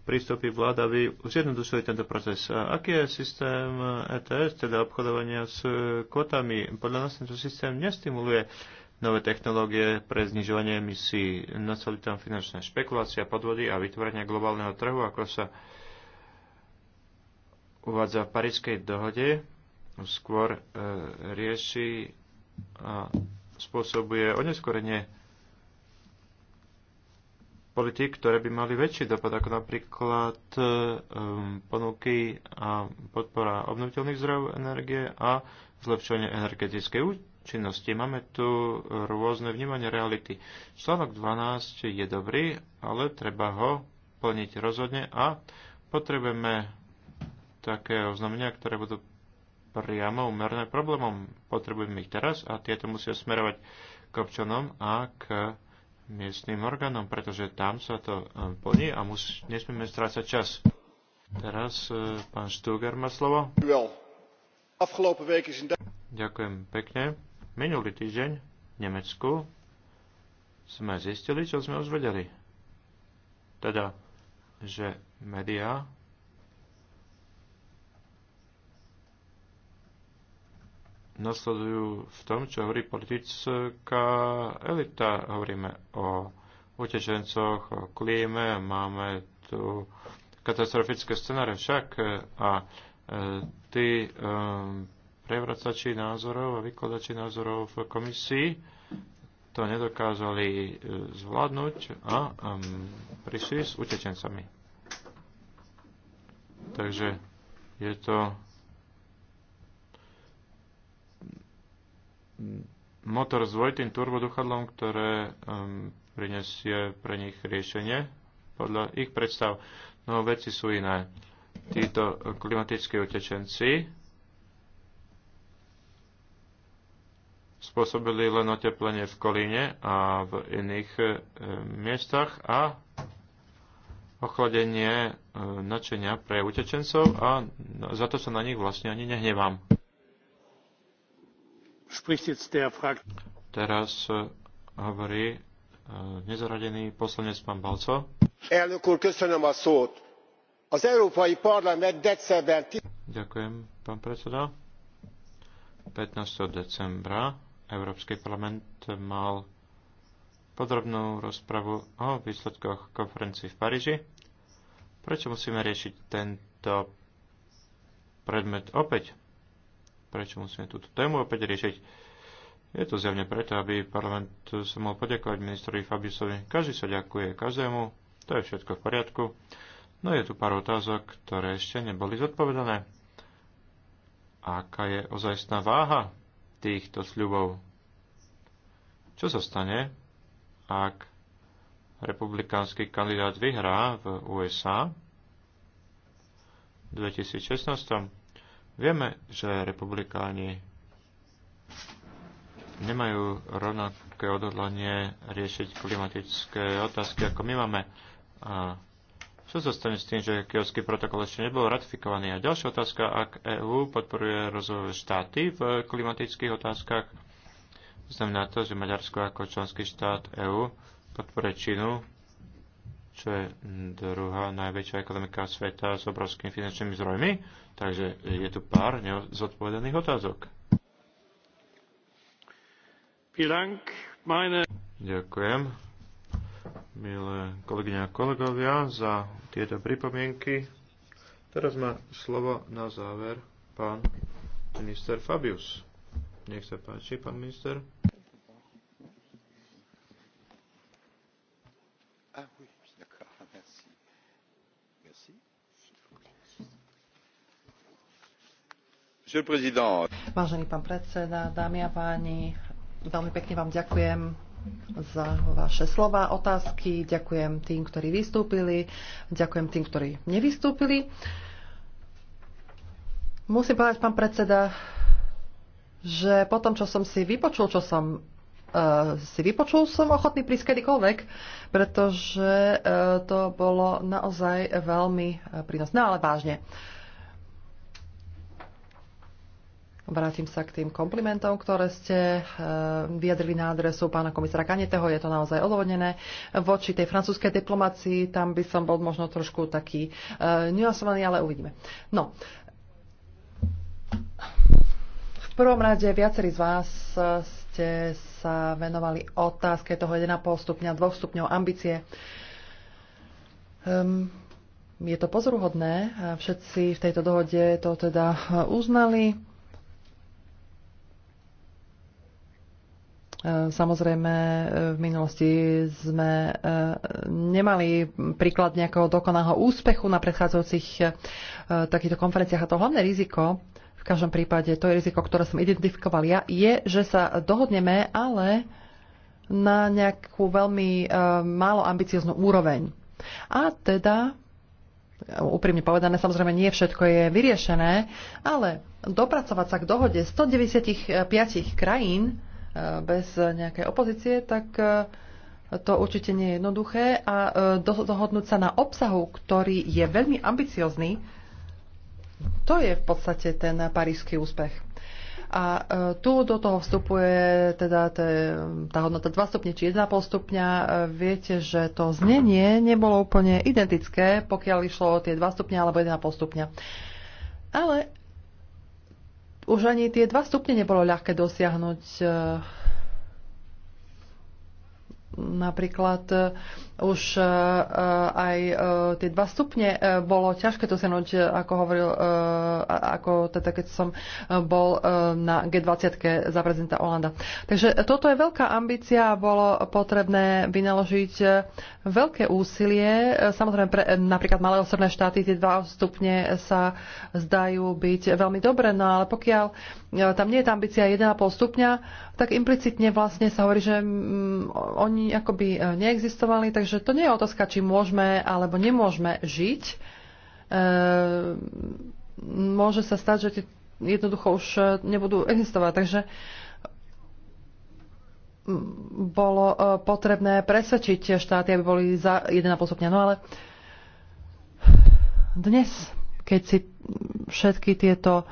prístupy vlád, aby zjednodušili tento proces. A aký je systém ETS, teda obchodovania s e, kvotami? Podľa nás tento systém nestimuluje nové technológie pre znižovanie emisí. na celý tam finančné špekulácia, podvody a vytvorenie globálneho trhu, ako sa uvádza v Parískej dohode, skôr e, rieši a spôsobuje oneskorenie politik, ktoré by mali väčší dopad, ako napríklad e, um, ponuky a podpora obnoviteľných zdrojov energie a zlepšovanie energetickej účinnosti. Máme tu rôzne vnímanie reality. Článok 12 je dobrý, ale treba ho plniť rozhodne a potrebujeme také oznamenia, ktoré budú priamo umerné problémom. Potrebujeme ich teraz a tieto musia smerovať k občanom a k miestnym orgánom, pretože tam sa to e, plní a mus, nesmieme strácať čas. Teraz e, pán Štúger má slovo. Ďakujem pekne. Minulý týždeň v Nemecku sme zistili, čo sme už vedeli. Teda, že médiá nasledujú v tom, čo hovorí politická elita. Hovoríme o utečencoch, o klíme, máme tu katastrofické scenáre však a e, tí e, prevracači názorov a vykladači názorov v komisii to nedokázali e, zvládnuť a prišli s utečencami. Takže je to motor s dvojitým turboduchadlom, ktoré um, prinesie pre nich riešenie podľa ich predstav. No veci sú iné. Títo klimatickí utečenci spôsobili len oteplenie v Kolíne a v iných e, miestach a ochladenie e, načenia pre utečencov a za to sa na nich vlastne ani nehnevám. Teraz e, hovorí e, nezaradený poslanec pán Balco. Elnök úr, köszönöm a szót. Az Európai Parlament Ďakujem, pán predseda. 15. decembra Európsky parlament mal podrobnú rozpravu o výsledkoch konferencií v Paríži. Prečo musíme riešiť tento predmet opäť? prečo musíme túto tému opäť riešiť. Je to zjavne preto, aby parlament sa mohol poďakovať ministrovi Fabisovi. Každý sa ďakuje každému, to je všetko v poriadku. No je tu pár otázok, ktoré ešte neboli zodpovedané. Aká je ozajstná váha týchto sľubov? Čo sa stane, ak republikánsky kandidát vyhrá v USA v 2016? Vieme, že republikáni nemajú rovnaké odhodlanie riešiť klimatické otázky, ako my máme. A čo stane s tým, že kievský protokol ešte nebol ratifikovaný? A ďalšia otázka, ak EÚ podporuje rozvojové štáty v klimatických otázkach, znamená to, že Maďarsko ako členský štát EÚ podporuje Čínu čo je druhá najväčšia ekonomika sveta s obrovskými finančnými zdrojmi. Takže je tu pár nezodpovedaných otázok. Ďakujem, milé kolegyne a kolegovia, za tieto pripomienky. Teraz má slovo na záver pán minister Fabius. Nech sa páči, pán minister. Vážený pán predseda, dámy a páni, veľmi pekne vám ďakujem za vaše slova, otázky. Ďakujem tým, ktorí vystúpili. Ďakujem tým, ktorí nevystúpili. Musím povedať, pán predseda, že po tom, čo som si vypočul, čo som uh, si vypočul, som ochotný prísť kedykoľvek, pretože uh, to bolo naozaj veľmi uh, prínosné, ale vážne. Uh, Vrátim sa k tým komplimentom, ktoré ste e, vyjadrili na adresu pána komisára Kaneteho. Je to naozaj odvodnené. Voči tej francúzskej diplomácii tam by som bol možno trošku taký e, nuansovaný, ale uvidíme. No. V prvom rade viacerí z vás e, ste sa venovali otázke toho 1,5 stupňa, 2 stupňov ambície. Um, je to pozoruhodné. Všetci v tejto dohode to teda uznali Eh, samozrejme, eh, v minulosti sme eh, nemali príklad nejakého dokonalého úspechu na predchádzajúcich takýchto konferenciách. A to hlavné riziko, v každom prípade, to je riziko, ktoré som identifikoval ja, je, že sa dohodneme, ale na nejakú veľmi málo ambicioznú úroveň. A teda úprimne povedané, samozrejme nie všetko je vyriešené, ale dopracovať sa k dohode 195 krajín bez nejakej opozície, tak e, to určite nie je jednoduché a e, dohodnúť sa na obsahu, ktorý je veľmi ambiciozný, to je v podstate ten parížský úspech. A e, tu do toho vstupuje teda tá hodnota 2 stupne či 1,5 stupňa. Viete, že to znenie nebolo úplne identické, pokiaľ išlo o tie 2 stupňa alebo 1,5 stupňa. Ale už ani tie dva stupne nebolo ľahké dosiahnuť eh, napríklad e, už e, e, aj tie dva stupne bolo ťažké dosiahnuť, ako hovoril, ako teda keď som bol na G20 za prezidenta Olanda. Takže toto je veľká ambícia a bolo potrebné vynaložiť veľké úsilie. Samozrejme, pre napríklad malé osobné štáty tie dva stupne sa zdajú byť veľmi dobré, no ale pokiaľ tam nie je tá ambícia 1,5 stupňa, tak implicitne vlastne sa hovorí, že mm, oni akoby e, neexistovali, takže to nie je otázka, či môžeme alebo nemôžeme žiť. E, môže sa stať, že tie jednoducho už e, nebudú existovať. Takže bolo potrebné presvedčiť štáty, aby boli za 1,5 stupňa. No ale dnes, keď si všetky tieto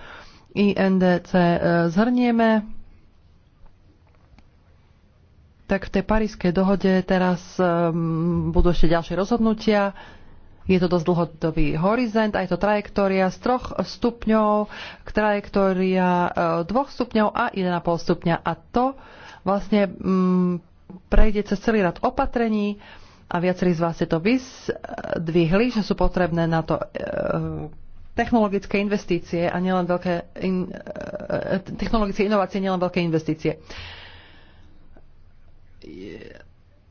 INDC zhrnieme, tak v tej parískej dohode teraz um, budú ešte ďalšie rozhodnutia. Je to dosť dlhodobý horizont, aj to trajektória z troch stupňov, trajektória e, dvoch stupňov a 1,5 stupňa. A to vlastne um, prejde cez celý rad opatrení a viacerí z vás ste to vyzdvihli, že sú potrebné na to e, technologické investície a nielen veľké in, e, e technologické inovácie, nielen veľké investície. E,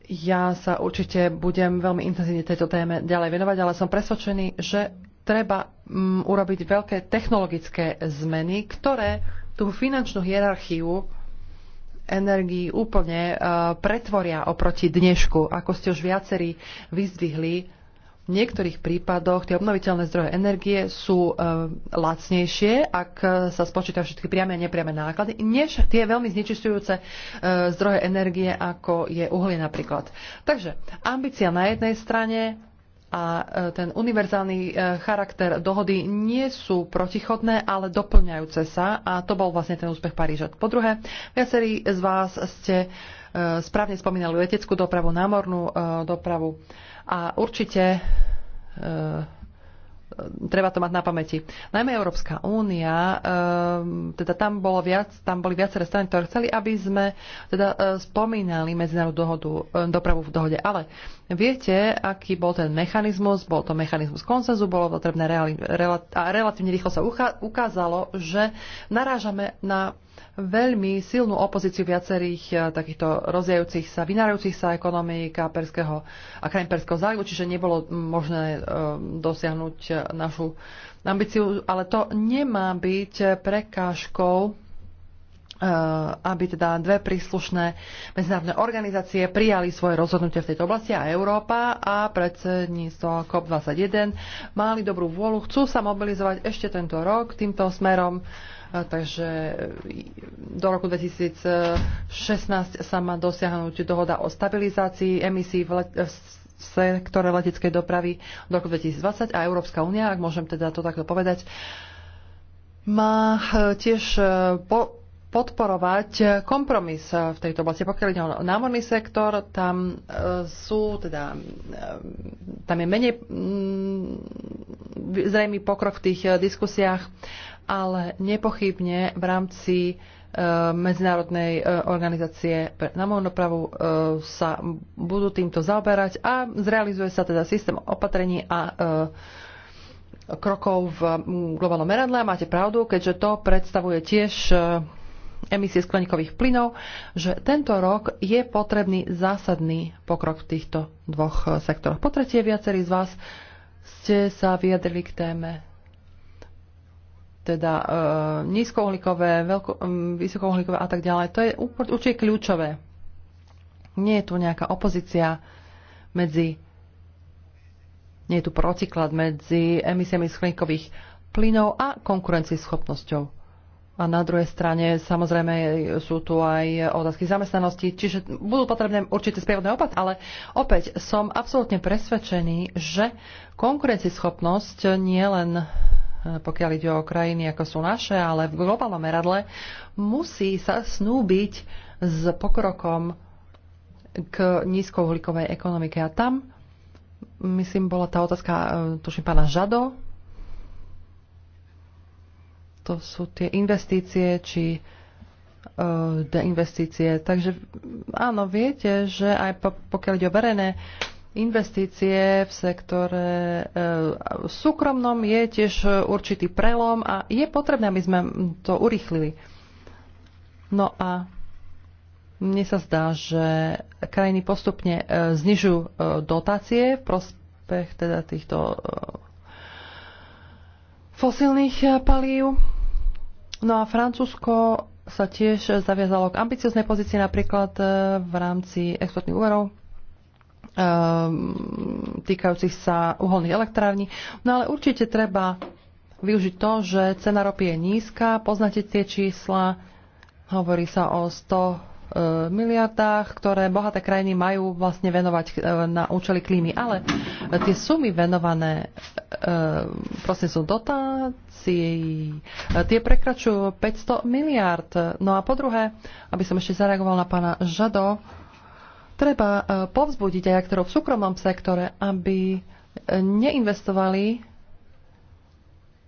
ja sa určite budem veľmi intenzívne tejto téme ďalej venovať, ale som presvedčený, že treba mm, urobiť veľké technologické zmeny, ktoré tú finančnú hierarchiu energii úplne eh, pretvoria oproti dnešku. Ako ste už viacerí vyzdvihli, v niektorých prípadoch tie obnoviteľné zdroje energie sú e, lacnejšie, ak e, sa spočíta všetky priame a nepriame náklady, než tie veľmi znečistujúce e, zdroje energie, ako je uhlie napríklad. Takže ambícia na jednej strane, a e, ten univerzálny e, charakter dohody nie sú protichodné, ale doplňajúce sa a to bol vlastne ten úspech Paríža. Po druhé, viacerí z vás ste e, správne spomínali leteckú dopravu, námornú dopravu a určite E, treba to mať na pamäti. Najmä Európska únia, e, teda tam, bolo viac, tam boli viaceré strany, ktoré chceli, aby sme teda e, spomínali medzinárodnú dohodu, dopravu v dohode. Ale viete, aký bol ten mechanizmus? Bol to mechanizmus konsenzu, bolo potrebné reali, rel, a relatívne rýchlo sa uchá, ukázalo, že narážame na veľmi silnú opozíciu viacerých e, takýchto rozjajúcich sa, vynárajúcich sa ekonomík a, perského, a krajín Perského zálivu, čiže nebolo možné e, dosiahnuť e, našu ambíciu, ale to nemá byť prekážkou Eh, aby teda dve príslušné medzinárodné organizácie prijali svoje rozhodnutie v tejto oblasti a Európa a predsedníctvo COP21 mali dobrú vôľu, chcú sa mobilizovať ešte tento rok týmto smerom, eh, takže eh, do roku 2016 sa má dosiahnuť dohoda o stabilizácii emisí v, let- v sektore leteckej dopravy do roku 2020 a Európska únia, ak môžem teda to takto povedať, má tiež po- podporovať eh, kompromis eh, v tejto oblasti. Pokiaľ ide o námorný sektor, tam eh, sú teda, tam je menej mm, zrejmý pokrok v tých diskusiách, ale nepochybne v rámci Medzinárodnej organizácie pre pravu sa budú týmto zaoberať a zrealizuje sa teda systém opatrení a krokov v mm, globálnom meradle. Máte pravdu, keďže to predstavuje tiež emisie skleníkových plynov, že tento rok je potrebný zásadný pokrok v týchto dvoch eh, sektoroch. Po tretie, viacerí z vás ste sa vyjadrili k téme teda e, nízkouhlíkové, veľko, e, vysokouhlíkové a tak ďalej. To je určite kľúčové. Nie je tu nejaká opozícia medzi nie je tu protiklad medzi emisiami skleníkových plynov a konkurencieschopnosťou a na druhej strane samozrejme sú tu aj otázky zamestnanosti, čiže budú potrebné určité sprievodné opat, ale opäť som absolútne presvedčený, že konkurencieschopnosť nie len e, pokiaľ ide o krajiny ako sú naše, ale v globálnom meradle musí sa snúbiť s pokrokom k nízkouhlíkovej ekonomike. A tam, myslím, bola tá otázka, e, tuším, pána Žado, to sú tie investície či e, deinvestície. Takže áno, viete, že aj pokiaľ ide o verejné investície v sektore e, súkromnom je tiež určitý prelom a je potrebné, aby sme to urýchlili. No a mne sa zdá, že krajiny postupne e, znižujú dotácie v prospech teda týchto fosilných palív No a Francúzsko sa tiež zaviazalo k ambicioznej pozícii napríklad e, v rámci exportných úverov e, týkajúcich sa uholných elektrární. No ale určite treba využiť to, že cena ropy je nízka. Poznáte tie čísla, hovorí sa o 100 E, miliardách, ktoré bohaté krajiny majú vlastne venovať e, na účely klímy. Ale tie sumy venované e, proste sú dotácií, tie prekračujú 500 miliard. No a po druhé, aby som ešte zareagoval na pána Žado, treba povzbudiť aj aktorov v súkromnom sektore, aby neinvestovali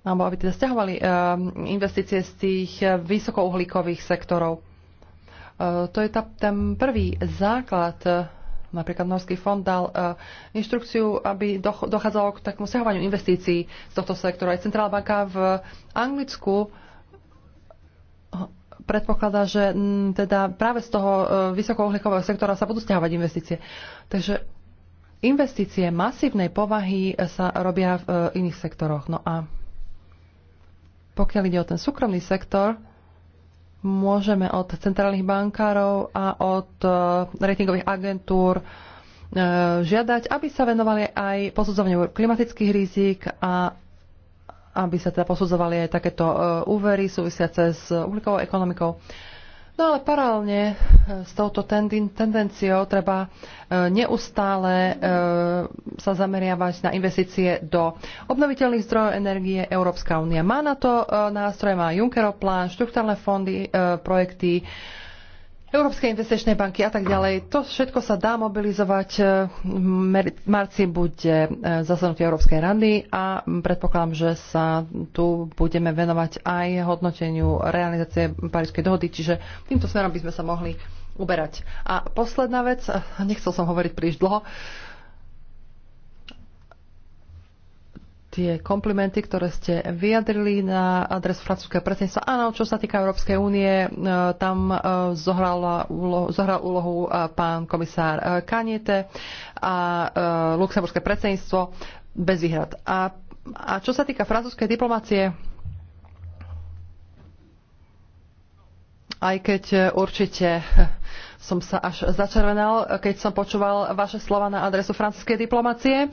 alebo aby teda stiahovali investície z tých vysokouhlíkových sektorov. Eh, to je tá, ten prvý základ. Napríklad Norský fond dal eh, inštrukciu, aby doch, dochádzalo k takému stiahovaniu investícií z tohto sektora. Aj Centrálna banka v Anglicku eh, predpokladá, že m, mm, teda práve z toho vysokouhlíkového sektora sa budú stiahovať investície. Takže investície masívnej povahy sa robia v iných sektoroch. No a pokiaľ ide o ten súkromný sektor, môžeme od centrálnych bankárov a od e, ratingových agentúr e, žiadať, aby sa venovali aj posudzovaniu klimatických rizik a aby sa teda posudzovali aj takéto e, úvery súvisiace s uhlíkovou ekonomikou. No ale paralelne eh, s touto tendenciou treba eh, neustále eh, sa zameriavať na investície do obnoviteľných zdrojov energie. Európska únia má na to nástroje, má Junckerov plán, štruktúrne fondy, projekty, Európskej investičnej banky a tak ďalej. To všetko sa dá mobilizovať. Eh, v marci bude eh, zasadnutie Európskej rady a predpokladám, že sa tu budeme venovať aj hodnoteniu realizácie Parískej dohody, čiže týmto smerom by sme sa mohli uberať. A posledná vec, eh, nechcel som hovoriť príliš dlho, tie komplimenty, ktoré ste vyjadrili na adres francúzského predsedníctva. Áno, čo sa týka Európskej únie, e, tam e, zohral úlohu, zohral e, úlohu pán komisár Kaniete a luxemburské predsedníctvo bez výhrad. A, a čo sa týka francúzskej diplomácie, aj keď určite som sa až začervenal, keď som počúval vaše slova na adresu francúzskej diplomacie.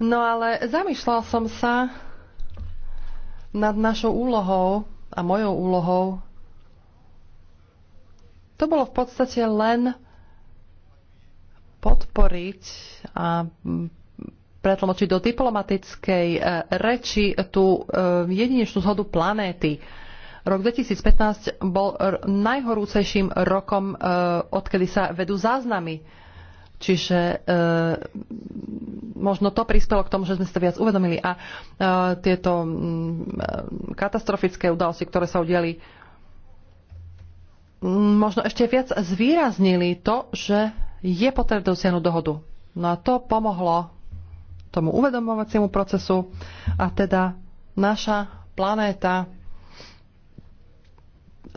No ale zamýšľal som sa nad našou úlohou a mojou úlohou. To bolo v podstate len podporiť a pretlmočiť do diplomatickej eh, reči tú eh, jedinečnú zhodu planéty Rok 2015 bol najhorúcejším rokom, e, odkedy sa vedú záznamy. Čiže e, možno to prispelo k tomu, že sme sa viac uvedomili. A e, tieto e, katastrofické udalosti, ktoré sa udiali, možno ešte viac zvýraznili to, že je potrebné dosiahnuť dohodu. No a to pomohlo tomu uvedomovaciemu procesu a teda naša planéta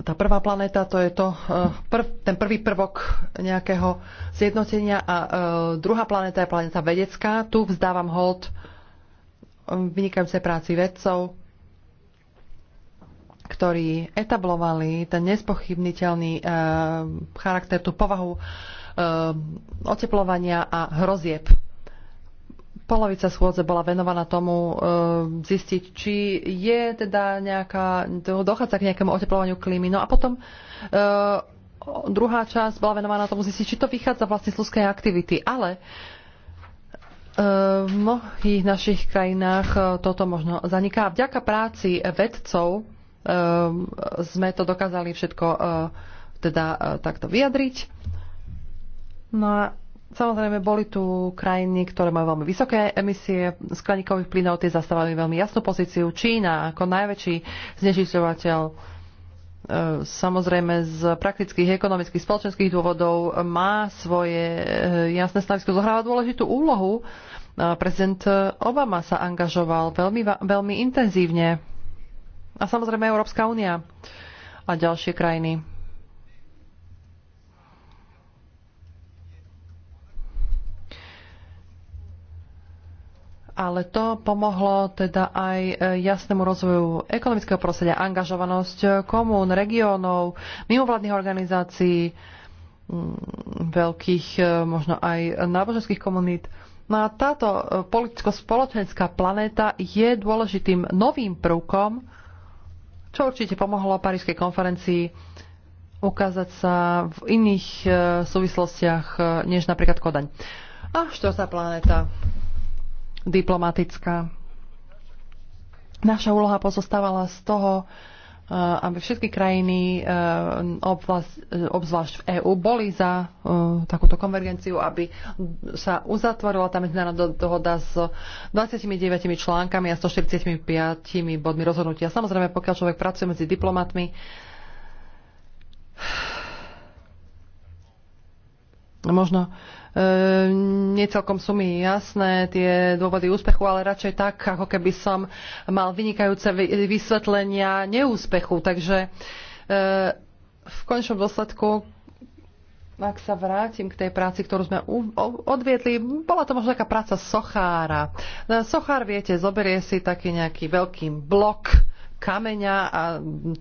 tá prvá planéta, to je to, e, prv, ten prvý prvok nejakého zjednotenia a e, druhá planéta je planéta vedecká. Tu vzdávam hold e, vynikajúcej práci vedcov, ktorí etablovali ten nespochybniteľný charakter, tú povahu oteplovania a hrozieb polovica schôdze bola venovaná tomu e, zistiť, či je teda nejaká, dochádza k nejakému oteplovaniu klímy. No a potom e, druhá časť bola venovaná tomu zistiť, či to vychádza vlastne z ľudskej aktivity. Ale e, v mnohých našich krajinách e, toto možno zaniká. Vďaka práci vedcov e, sme to dokázali všetko teda takto vyjadriť. No a Samozrejme, boli tu krajiny, ktoré majú veľmi vysoké emisie skleníkových plynov, tie zastávali veľmi jasnú pozíciu. Čína ako najväčší znečisťovateľ e, samozrejme z praktických, ekonomických, spoločenských dôvodov má svoje e, jasné stanovisko, zohráva dôležitú úlohu. E, prezident Obama sa angažoval veľmi, veľmi intenzívne. A samozrejme Európska únia a ďalšie krajiny. ale to pomohlo teda aj e, jasnému rozvoju ekonomického prostredia, angažovanosť e, komún, regiónov, mimovládnych organizácií, mm, veľkých e, možno aj náboženských komunít. No a táto politicko-spoločenská planéta je dôležitým novým prvkom, čo určite pomohlo Parískej konferencii ukázať sa v iných súvislostiach než napríklad Kodaň. A štvrtá planéta diplomatická. Naša úloha pozostávala z toho, eh, aby všetky krajiny, eh, obzvlášť v EÚ, boli za eh, takúto konvergenciu, aby sa uzatvorila tá medzinárodná dohoda s 29 článkami a 145 bodmi rozhodnutia. Samozrejme, pokiaľ človek pracuje medzi diplomatmi, možno Ehm, nie celkom sú mi jasné tie dôvody úspechu, ale radšej tak, ako keby som mal vynikajúce vysvetlenia neúspechu. Takže ehm, v končnom dôsledku ak sa vrátim k tej práci, ktorú sme odviedli, bola to možno taká práca sochára. E, sochár, viete, zoberie si taký nejaký veľký blok, kameňa, a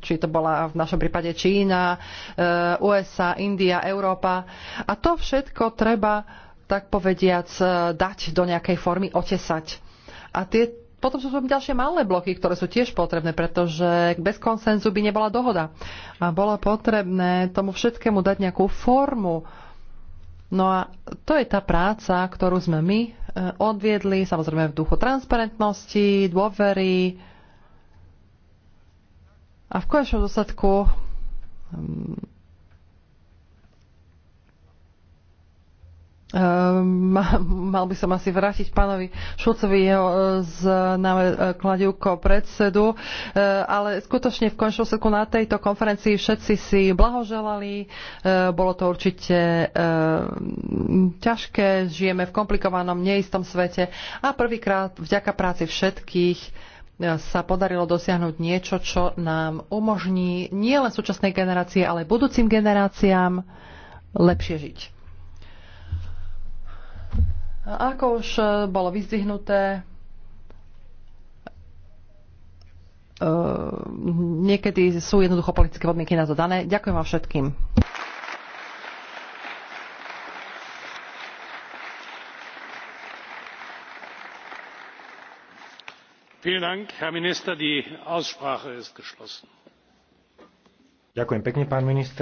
či to bola v našom prípade Čína, eh, USA, India, Európa. A to všetko treba, tak povediac, eh, dať do nejakej formy, otesať. A tie potom sú tam ďalšie malé bloky, ktoré sú tiež potrebné, pretože bez konsenzu by nebola dohoda. A bolo potrebné tomu všetkému dať nejakú formu. No a to je tá práca, ktorú sme my eh, odviedli, samozrejme v duchu transparentnosti, dôvery, a v konečnom dôsledku ehm, mal by som asi vrátiť pánovi Šulcovi jeho známe e, kladivko predsedu, e, ale skutočne v končnom seku na tejto konferencii všetci si blahoželali. E, bolo to určite ehm, ťažké, žijeme v komplikovanom, neistom svete a prvýkrát vďaka práci všetkých sa podarilo dosiahnuť niečo, čo nám umožní nielen súčasnej generácie, ale budúcim generáciám lepšie žiť. A ako už e, bolo vyzdvihnuté, e, niekedy sú jednoducho politické podmienky na to dané. Ďakujem vám všetkým. vielen dank herr minister die aussprache ist geschlossen. ďakujem pekne pán minister.